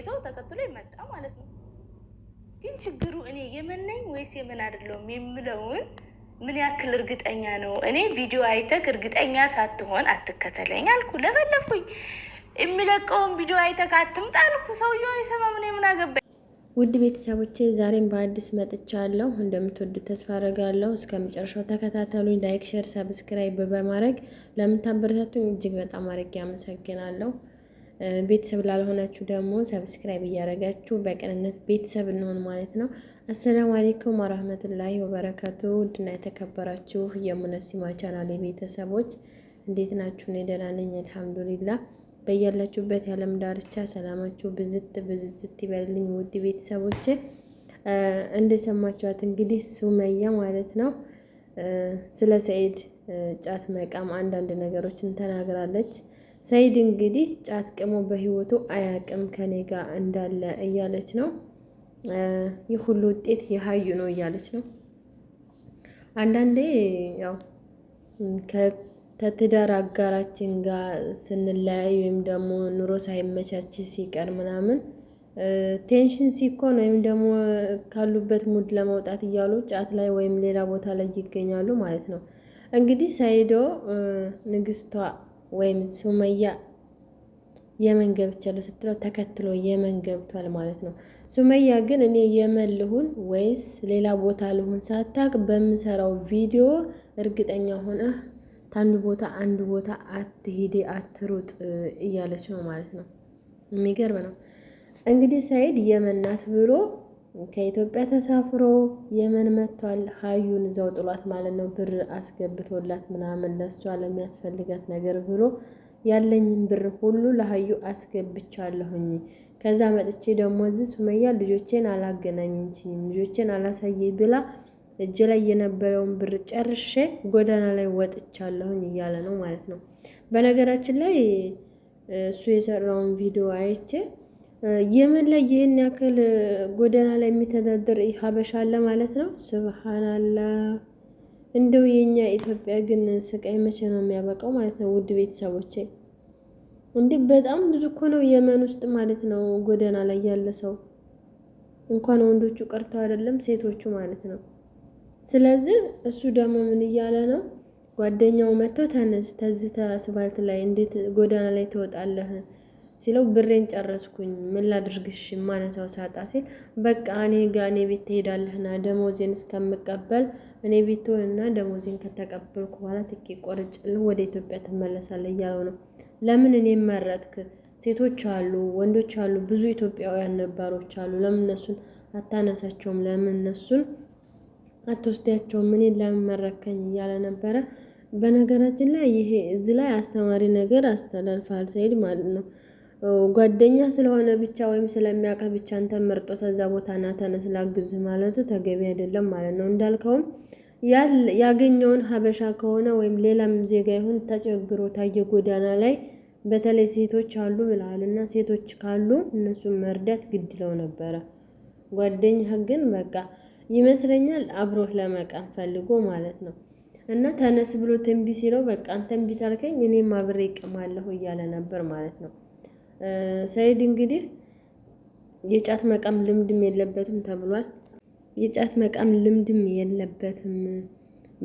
አይቶ ተከትሎ ይመጣ ማለት ነው። ግን ችግሩ እኔ የምን ነኝ ወይስ የምን አይደለሁም የምለውን ምን ያክል እርግጠኛ ነው? እኔ ቪዲዮ አይተክ እርግጠኛ ሳትሆን አትከተለኝ አልኩ፣ ለፈለፍኩኝ የሚለቀውን ቪዲዮ አይተክ አትምጣ አልኩ። ሰውየው አይሰማም፣ እኔ ምን አገባኝ። ውድ ቤተሰቦቼ ዛሬም በአዲስ መጥቻለሁ። እንደምትወዱ ተስፋ አደርጋለሁ። እስከ መጨረሻው ተከታተሉኝ። ላይክ፣ ሸር፣ ሰብስክራይብ በማድረግ ለምታበረታቱኝ እጅግ በጣም አድርጌ አመሰግናለሁ። ቤተሰብ ላልሆናችሁ ደግሞ ሰብስክራይብ እያደረጋችሁ በቅንነት ቤተሰብ እንሆን ማለት ነው። አሰላሙ አሌይኩም ወራህመቱላሂ ወበረካቱ። ውድና የተከበራችሁ የሙነሲማ ቻናል ቤተሰቦች እንዴት ናችሁ? እኔ ደህና ነኝ አልሐምዱሊላ። በያላችሁበት የዓለም ዳርቻ ሰላማችሁ ብዝት ብዝዝት ይበልልኝ። ውድ ቤተሰቦች እንደሰማችኋት እንግዲህ ሱመያ ማለት ነው ስለ ሰኢድ ጫት መቃም አንዳንድ ነገሮችን ተናግራለች። ሰይድ እንግዲህ ጫት ቅሞ በህይወቱ አያቅም ከኔ ጋር እንዳለ እያለች ነው። ይህ ሁሉ ውጤት የሀዩ ነው እያለች ነው። አንዳንዴ ያው ከትዳር አጋራችን ጋር ስንለያይ ወይም ደግሞ ኑሮ ሳይመቻች ሲቀር ምናምን ቴንሽን ሲኮን ወይም ደግሞ ካሉበት ሙድ ለመውጣት እያሉ ጫት ላይ ወይም ሌላ ቦታ ላይ ይገኛሉ ማለት ነው። እንግዲህ ሰይዶ ንግስቷ ወይም ሱመያ የመን ገብቻለሁ ስትለው ተከትሎ የመን ገብቷል ማለት ነው። ሱመያ ግን እኔ የመን ልሁን ወይስ ሌላ ቦታ ልሁን ሳታቅ በምሰራው ቪዲዮ እርግጠኛ ሆነህ ታንዱ ቦታ አንዱ ቦታ አትሄዴ አትሩጥ እያለች ነው ማለት ነው። የሚገርም ነው እንግዲህ ሰኢድ የመን ናት ብሎ ከኢትዮጵያ ተሳፍሮ የመን መጥቷል። ሀዩን እዛው ጥሏት ማለት ነው። ብር አስገብቶላት ምናምን ለሷ ለሚያስፈልጋት ነገር ብሎ ያለኝን ብር ሁሉ ለሀዩ አስገብቻለሁኝ። ከዛ መጥቼ ደግሞ እዚህ ሱመያ ልጆቼን አላገናኝችኝም ልጆቼን አላሳየ ብላ እጅ ላይ የነበረውን ብር ጨርሼ ጎዳና ላይ ወጥቻለሁኝ እያለ ነው ማለት ነው። በነገራችን ላይ እሱ የሰራውን ቪዲዮ አይቼ የመን ላይ ይህን ያክል ጎዳና ላይ የሚተዳደር ሀበሻ አለ ማለት ነው። ስብሃናላ እንደው የእኛ ኢትዮጵያ ግን ስቃይ መቼ ነው የሚያበቃው ማለት ነው። ውድ ቤተሰቦቼ እንዲህ በጣም ብዙ እኮ ነው የመን ውስጥ ማለት ነው ጎዳና ላይ ያለ ሰው እንኳን ወንዶቹ ቀርቶ አይደለም ሴቶቹ ማለት ነው። ስለዚህ እሱ ደግሞ ምን እያለ ነው? ጓደኛው መጥቶ ተነስ ተዝተ አስፋልት ላይ እንዴት ጎዳና ላይ ትወጣለህ? ሲለው ብሬን ጨረስኩኝ፣ ምን ላድርግሽ ማነሳው ሳጣ ሲል በቃ እኔ ጋ እኔ ቤት ትሄዳለህና ደሞዜን እስከምቀበል እኔ ቤት ትሆንና ደሞዜን ከተቀበልኩ በኋላ ትኬት ቆርጭልህ ወደ ኢትዮጵያ ትመለሳለህ እያለው ነው። ለምን እኔ መረጥክ? ሴቶች አሉ፣ ወንዶች አሉ፣ ብዙ ኢትዮጵያውያን ነባሮች አሉ። ለምን እነሱን አታነሳቸውም? ለምን እነሱን አትወስዳቸውም? እኔን ለምን መረከኝ እያለ ነበረ። በነገራችን ላይ ይሄ እዚህ ላይ አስተማሪ ነገር አስተላልፈሃል ሰይድ ማለት ነው። ጓደኛ ስለሆነ ብቻ ወይም ስለሚያውቅህ ብቻ አንተን መርጦ ተዛ ቦታ ና ተነስ ላግዝህ ማለቱ ተገቢ አይደለም ማለት ነው። እንዳልከውም ያገኘውን ሀበሻ ከሆነ ወይም ሌላም ዜጋ ይሁን ተቸግሮ ታየ ጎዳና ላይ በተለይ ሴቶች አሉ ብለሃል እና ሴቶች ካሉ እነሱን መርዳት ግድለው ነበረ። ጓደኛህ ግን በቃ ይመስለኛል አብሮህ ለመቃም ፈልጎ ማለት ነው። እና ተነስ ብሎ ትንቢ ሲለው በቃ አንተ እምቢ ታልከኝ እኔም አብሬ እቅማለሁ እያለ ነበር ማለት ነው። ሰይድ እንግዲህ የጫት መቃም ልምድም የለበትም ተብሏል። የጫት መቃም ልምድም የለበትም።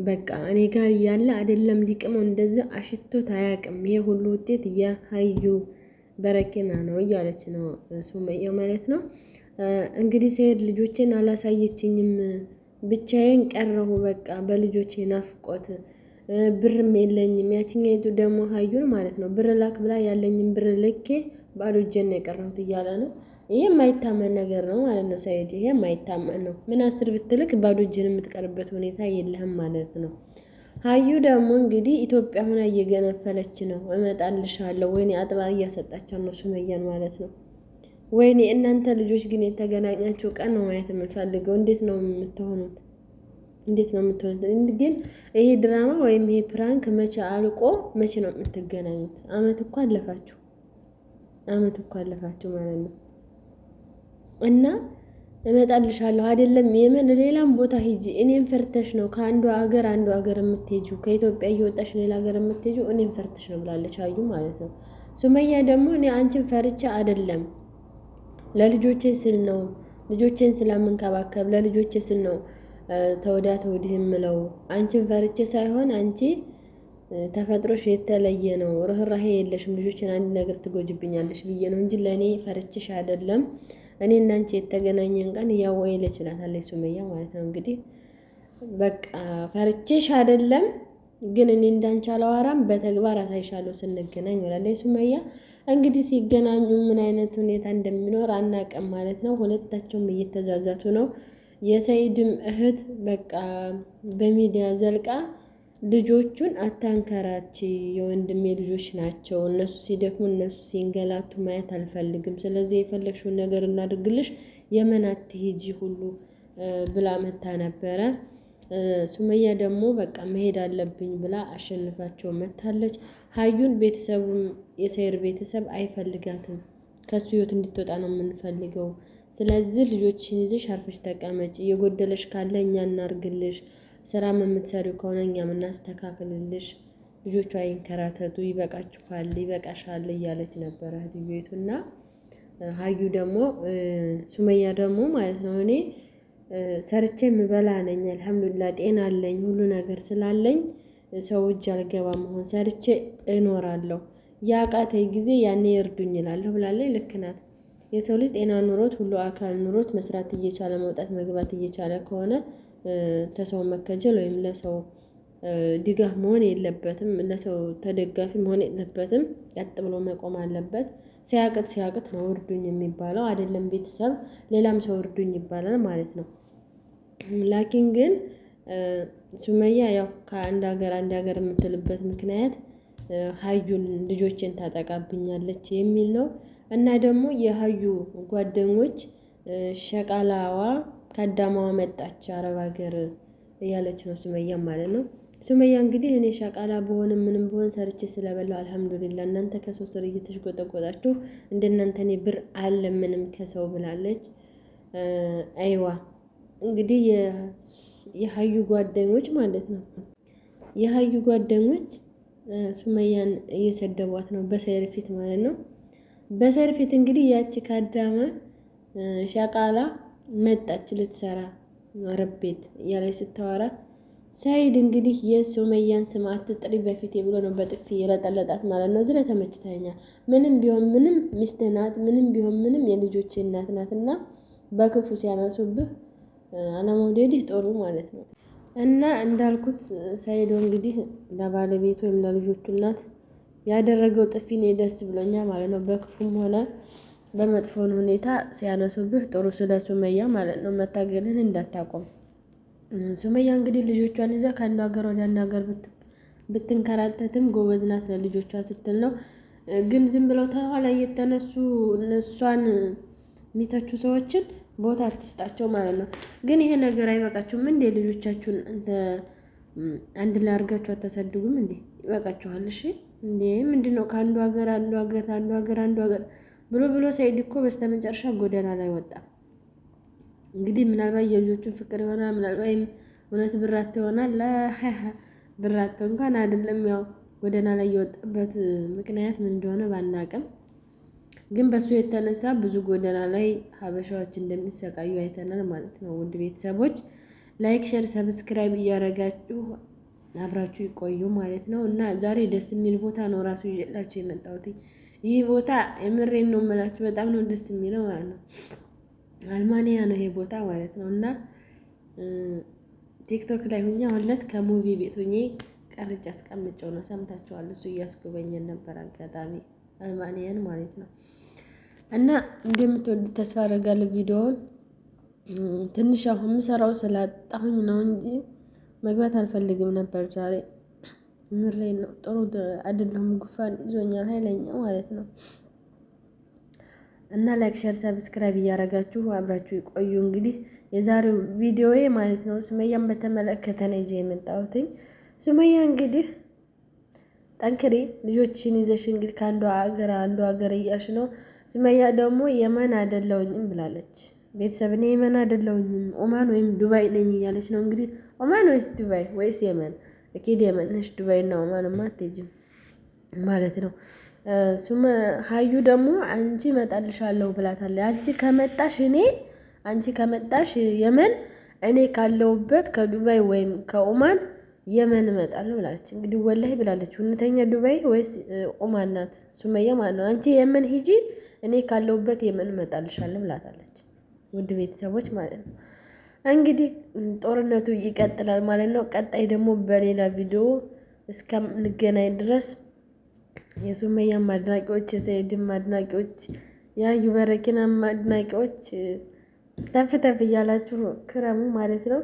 በቃ እኔ ጋር እያለ አይደለም ሊቅመው እንደዚህ አሽቶት አያውቅም። ይሄ ሁሉ ውጤት የሀዩ በረኪና ነው እያለች ነው ሱመያ ማለት ነው። እንግዲህ ሰይድ ልጆቼን አላሳየችኝም፣ ብቻዬን ቀረሁ በቃ በልጆቼ ናፍቆት ብርም የለኝም። ያችኛይቱ ደግሞ ሀዩን ማለት ነው ብር ላክ ብላ ያለኝም ብር ልኬ ባዶ እጄን ነው የቀረሁት እያለ ነው። ይሄ የማይታመን ነገር ነው ማለት ነው ሰኢድ። ይሄ የማይታመን ነው። ምን አስር ብትልክ ባዶ የምትቀርበት ሁኔታ የለህም ማለት ነው። ሀዩ ደግሞ እንግዲህ ኢትዮጵያ ሆና እየገነፈለች ነው። እመጣልሻለሁ ወይኔ አጥባ እያሰጣቻት ነው ሱመያን ማለት ነው። ወይኔ እናንተ ልጆች ግን የተገናኛችሁ ቀን ነው ማየት የምንፈልገው። እንዴት ነው የምትሆኑት? እንዴት ነው የምትሆኑት? ግን ይሄ ድራማ ወይም ይሄ ፕራንክ መቼ አልቆ መቼ ነው የምትገናኙት? አመት እኮ አለፋችሁ። አመት እኮ አለፋችሁ ማለት ነው። እና እመጣልሻለሁ አይደለም የመን ሌላም ቦታ ሂጂ። እኔም ፈርተሽ ነው ከአንዱ ሀገር አንዱ ሀገር የምትሄጁ ከኢትዮጵያ እየወጣሽ ሌላ ሀገር የምትሄጁ እኔም ፈርተሽ ነው ብላለች አዩ ማለት ነው። ሱመያ ደግሞ እኔ አንቺን ፈርቻ አይደለም ለልጆቼ ስል ነው ልጆቼን ስለምንከባከብ ለልጆቼ ስል ነው ተወዳ ተወዲህ የምለው አንቺን ፈርቼ ሳይሆን አንቺ ተፈጥሮሽ የተለየ ነው፣ ርህራሄ የለሽም፣ ልጆችን አንድ ነገር ትጎጅብኛለሽ ብዬ ነው እንጂ ለእኔ ፈርችሽ አይደለም። እኔ እናንቺ የተገናኘን ቀን እያወይለች ብላታለች ሱመያ ማለት ነው። እንግዲህ በቃ ፈርችሽ አይደለም፣ ግን እኔ እንዳንቺ በተግባር አሳይሻለሁ ስንገናኝ ብላለች ሱመያ። እንግዲህ ሲገናኙ ምን አይነት ሁኔታ እንደሚኖር አናውቅም ማለት ነው። ሁለታቸውም እየተዛዛቱ ነው። የሰይድም እህት በቃ በሚዲያ ዘልቃ ልጆቹን አታንከራች፣ የወንድሜ ልጆች ናቸው። እነሱ ሲደክሙ እነሱ ሲንገላቱ ማየት አልፈልግም። ስለዚህ የፈለግሽውን ነገር እናድርግልሽ፣ የመን አትሄጂ ሁሉ ብላ መታ ነበረ። ሱመያ ደግሞ በቃ መሄድ አለብኝ ብላ አሸንፋቸው መታለች። ሀዩን ቤተሰቡም የሰይር ቤተሰብ አይፈልጋትም። ከሱ ህይወት እንድትወጣ ነው የምንፈልገው። ስለዚህ ልጆችን ይዘሽ አርፈሽ ተቀመጭ። እየጎደለሽ ካለ እኛ እናርግልሽ ስራም የምትሰሪው ከሆነ እኛም እናስተካክልልሽ፣ ልጆቿ ይንከራተቱ፣ ይበቃችኋል፣ ይበቃሻል እያለች ነበረ ቤቱ እና ሀዩ ደግሞ ሱመያ ደግሞ ማለት ነው እኔ ሰርቼ የምበላ ነኝ። አልሐምዱላ ጤና አለኝ፣ ሁሉ ነገር ስላለኝ ሰው እጅ አልገባ መሆን ሰርቼ እኖራለሁ። የአቃተኝ ጊዜ ያኔ እርዱኝ እላለሁ ብላለች። ልክ ናት። የሰው ልጅ ጤና ኑሮት ሁሉ አካል ኑሮት መስራት እየቻለ መውጣት መግባት እየቻለ ከሆነ ተሰው መከጀል ወይም ለሰው ድጋፍ መሆን የለበትም። ለሰው ተደጋፊ መሆን የለበትም። ቀጥ ብሎ መቆም አለበት። ሲያቅት ሲያቅት ነው እርዱኝ የሚባለው አይደለም ቤተሰብ ሌላም ሰው እርዱኝ ይባላል ማለት ነው። ላኪን ግን ሱመያ ያው ከአንድ ሀገር አንድ ሀገር የምትልበት ምክንያት ሀዩን ልጆችን ታጠቃብኛለች የሚል ነው። እና ደግሞ የሀዩ ጓደኞች ሸቃላዋ ከአዳማዋ መጣች አረብ ሀገር እያለች ነው ሱመያ ማለት ነው። ሱመያ እንግዲህ እኔ ሻቃላ በሆንም ምንም በሆን ሰርቼ ስለበላው አልሐምዱሊላ፣ እናንተ ከሰው ስር እየተሽጎጠጎጣችሁ እንደናንተ እኔ ብር ምንም ከሰው ብላለች። አይዋ እንግዲህ የሀዩ ጓደኞች ማለት ነው የሀዩ ጓደኞች ሱመያን እየሰደቧት ነው በሰይር ፊት ማለት ነው። በሰይር ፊት እንግዲህ ያቺ ከአዳማ ሻቃላ መጣች ልትሰራ ረቤት ቤት እያለች ስታወራ ሰይድ እንግዲህ የሱመያን ስም አትጥሪ በፊቴ ብሎ ነው በጥፊ የለጠለጣት ማለት ነው። ዝለ ተመችተኛል። ምንም ቢሆን ምንም ሚስትህ ናት፣ ምንም ቢሆን ምንም የልጆች እናት ናት እና በክፉ ሲያነሱብህ አለመውደድህ ጦሩ ማለት ነው። እና እንዳልኩት ሰይዶ እንግዲህ ለባለቤት ወይም ለልጆቹ እናት ያደረገው ጥፊ እኔ ደስ ብሎኛል ማለት ነው። በክፉም ሆነ በመጥፎን ሁኔታ ሲያነሱብህ ጥሩ ስለ ሱመያ ማለት ነው። መታገልን እንዳታቆም። ሱመያ እንግዲህ ልጆቿን ይዛ ከአንዱ ሀገር ወደ አንዱ ሀገር ብትንከራተትም ጎበዝ ናት ለልጆቿ ስትል ነው። ግን ዝም ብለው ተኋላ እየተነሱ እነሷን የሚተቹ ሰዎችን ቦታ አትስጣቸው ማለት ነው። ግን ይሄ ነገር አይበቃችሁም እንዴ? ልጆቻችሁን አንድ ላይ አድርጋችሁ አታሳድጉም እንዴ? ይበቃችኋል። እሺ እንዴ! ምንድን ነው ከአንዱ ሀገር አንዱ ሀገር አንዱ ሀገር አንዱ ሀገር ብሎ ብሎ ሰኢድ እኮ በስተመጨረሻ ጎዳና ላይ ወጣ። እንግዲህ ምናልባት የልጆቹን ፍቅር ይሆናል፣ ምናልባት እውነት ብራቶ ይሆናል። ብራቶ እንኳን አይደለም ያው ጎዳና ላይ የወጣበት ምክንያት ምን እንደሆነ ባናቅም፣ ግን በእሱ የተነሳ ብዙ ጎዳና ላይ ሀበሻዎች እንደሚሰቃዩ አይተናል ማለት ነው። ውድ ቤተሰቦች ላይክ፣ ሸር፣ ሰብስክራይብ እያረጋችሁ አብራችሁ ይቆዩ ማለት ነው እና ዛሬ ደስ የሚል ቦታ ነው ራሱ ይዤላችሁ የመጣሁት። ይህ ቦታ የምሬን ነው የምላችሁ፣ በጣም ነው ደስ የሚለው ማለት ነው። አልማንያ ነው ይሄ ቦታ ማለት ነው። እና ቲክቶክ ላይ ሁኛ ሁለት ከሙቪ ቤት ሁኜ ቀርጬ አስቀምጬው ነው ሰምታችኋል። እሱ እያስጎበኘን ነበር አጋጣሚ አልማንያን ማለት ነው። እና እንደምትወዱ ተስፋ አደርጋለሁ። ቪዲዮውን ትንሽ አሁን የምሰራው ስላጣሁኝ ነው እንጂ መግባት አልፈልግም ነበር ዛሬ ምሬ ነው። ጥሩ አይደለሁም። ጉፋን ይዞኛል ኃይለኛ ማለት ነው። እና ላይክ፣ ሸር ሰብስክራይብ እያረጋችሁ አብራችሁ ቆዩ። እንግዲህ የዛሬው ቪዲዮዬ ማለት ነው ሱመያን በተመለከተ ነው ይዤ የመጣሁትኝ። ሱመያ እንግዲህ ጠንክሪ፣ ልጆችሽን ይዘሽ እንግዲህ ከአንዱ ሀገር አንዱ ሀገር እያልሽ ነው። ሱመያ ደግሞ የመን አይደለሁኝም ብላለች። ቤተሰብ እኔ የመን አይደለሁኝም ኦማን ወይም ዱባይ ነኝ እያለች ነው እንግዲህ ኦማን ወይስ ዱባይ ወይስ የመን አኪድ የመንሽ ዱባይ ነው ማንም አትሄጂም ማለት ነው። ሱመ ሀዩ ደግሞ አንቺ እመጣልሻለሁ ብላታለ። አንቺ ከመጣሽ እኔ አንቺ ከመጣሽ የመን እኔ ካለውበት ከዱባይ ወይም ከኦማን የመን እመጣለሁ ብላለች። እንግዲህ ወላሂ ብላለች። እውነተኛ ዱባይ ወይስ ኦማን ናት? ሱመያ ማለት ነው። አንቺ የመን ሂጂ፣ እኔ ካለሁበት የመን እመጣልሻለሁ ብላታለች። ውድ ቤተሰቦች ማለት ነው። እንግዲህ ጦርነቱ ይቀጥላል ማለት ነው። ቀጣይ ደግሞ በሌላ ቪዲዮ እስከምንገናኝ ድረስ የሱመያ አድናቂዎች፣ የሰይድም አድናቂዎች፣ ያዩ በረኪናም አድናቂዎች ተፍ ተፍ እያላችሁ ክረሙ ማለት ነው።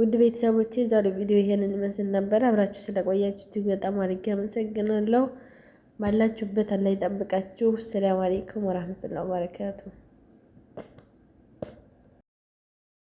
ውድ ቤተሰቦች የዛሬው ቪዲዮ ይሄንን ይመስል ነበር። አብራችሁ ስለቆያችሁ እጅግ በጣም አድርጌ አመሰግናለሁ። ባላችሁበት አላህ ይጠብቃችሁ። ሰላም አለይኩም ወራህመቱላሂ ወበረካቱ